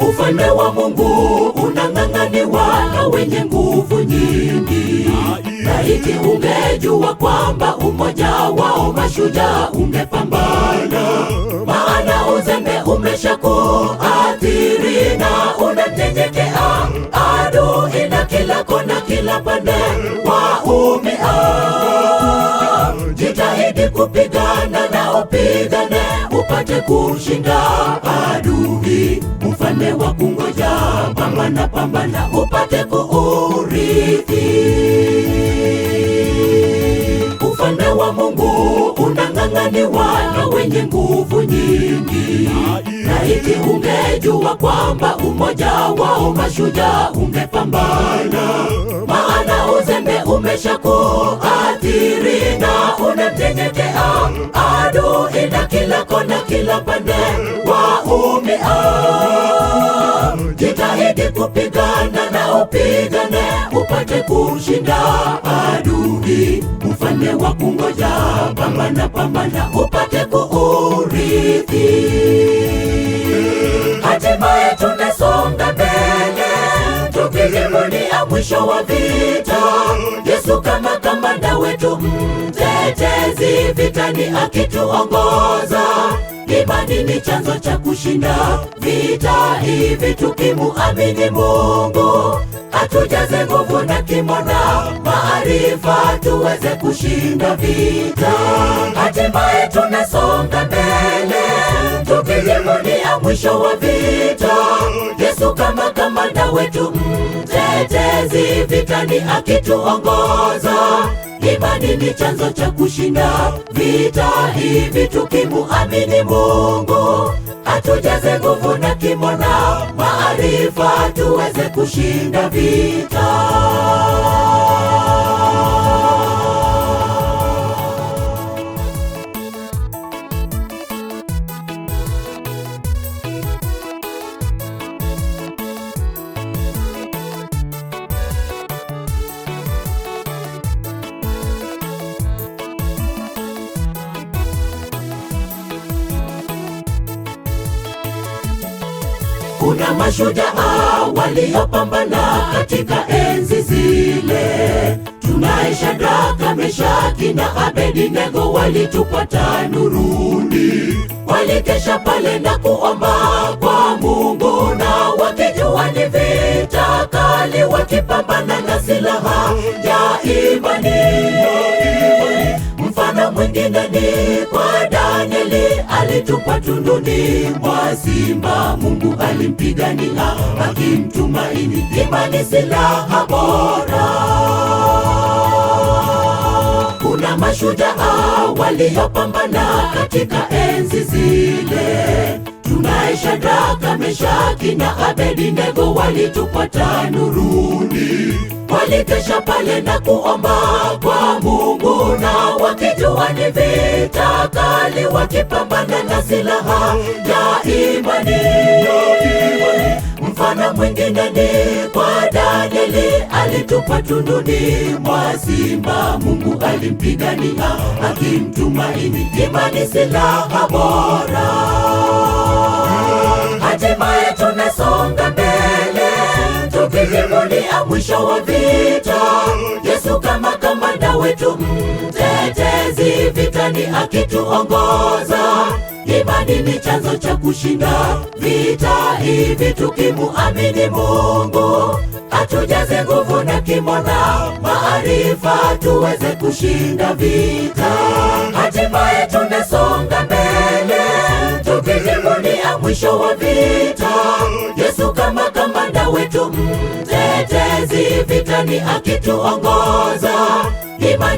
Ufalme wa Mungu unang'ang'aniwa na wenye nguvu nyingi, na hiki ungejua kwamba umoja wao mashujaa umepambana maana uzembe umeshakuathiri na unatenyekea adui na kila kona, kila pande waumia. Jitahidi kupigana na upigane tupate kushinda adui. Ufalme wa kungoja, pambana pambana, upate kuurithi. Ufalme wa Mungu unang'ang'aniwa na wenye nguvu nyingi, na iti ungejua kwamba umoja wao mashujaa ungepambana, maana uzembe umeshakuwa na kila pande waumia. Ah, jitahidi kupigana na upigane, upate kushinda adui. Ufalme wa kungoja, pambana pambana, upate kuurithi. Hatimaye tunasonga mbele, tukizimuni mwisho wa vita Kamanda wetu mtetezi vitani akituongoza, imani ni chanzo cha kushinda vita hivi. Tukimuamini Mungu atujaze nguvu na kimona maarifa, tuweze kushinda vita. Hatimaye tunasonga mbele, tukijivunia mwisho wa vita Yesu kama kamanda wetu mtetezi vitani, akituongoza. Imani ni chanzo cha kushinda vita hivi, tukimuamini Mungu atujaze nguvu na kimo na maarifa, tuweze kushinda vita. Kuna mashujaa waliopambana katika enzi zile, tunaye Shadraka, Meshaki na Abednego, walitupa tanuruni, walikesha pale na kuomba ametupa tunduni mwa simba, Mungu alimpigania akimtumaini. ni silaha bora. Kuna mashujaa waliopambana katika enzi zile tunaye Shadraka, Meshaki na Abednego walitupa tanuruni, walikesha pale na kuomba ni vita kali wakipambana na silaha ya imani. Mfano mwingine ni kwa Danieli, alitupa tunduni mwa simba, Mungu alimpigania akimtumaini. Imani silaha bora. Hatimaye tunasonga mbele tukijivunia mwisho wa vita, Yesu kama kamanda wetu mte mtetezi vitani akituongoza. Imani ni chanzo cha kushinda vita hivi, tukimuamini Mungu atujaze nguvu na kimona maarifa, tuweze kushinda vita. Hatimaye tunasonga mbele, tukijivunia mwisho wa vita, Yesu kama kamanda wetu mtetezi vitani akituongoza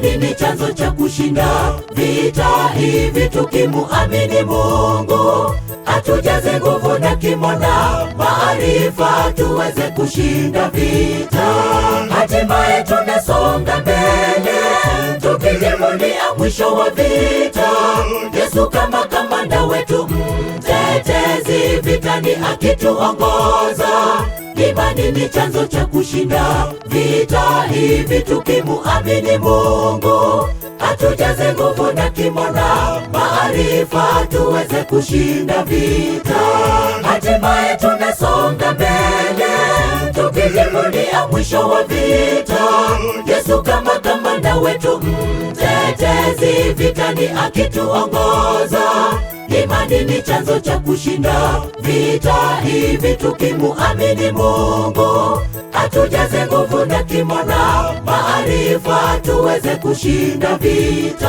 Imani ni chanzo cha kushinda vita hivi, tukimuamini Mungu atujaze nguvu na kimo na maarifa, tuweze kushinda vita. Hatimaye tunasonga mbele, tukijivunia mwisho wa vita, Yesu kama kamanda wetu mtetezi vitani, akituongoza ni chanzo cha kushinda vita hivi, tukimuamini Mungu atujaze nguvu na kimona maarifa, tuweze kushinda vita. Hatimaye tunasonga mbele, tukijivunia mwisho wa vita, Yesu kama kamanda wetu mtetezi vitani akituongoza Imani ni chanzo cha kushinda vita hivi, tukimuamini Mungu atujaze nguvu na kimona maarifa, tuweze kushinda vita.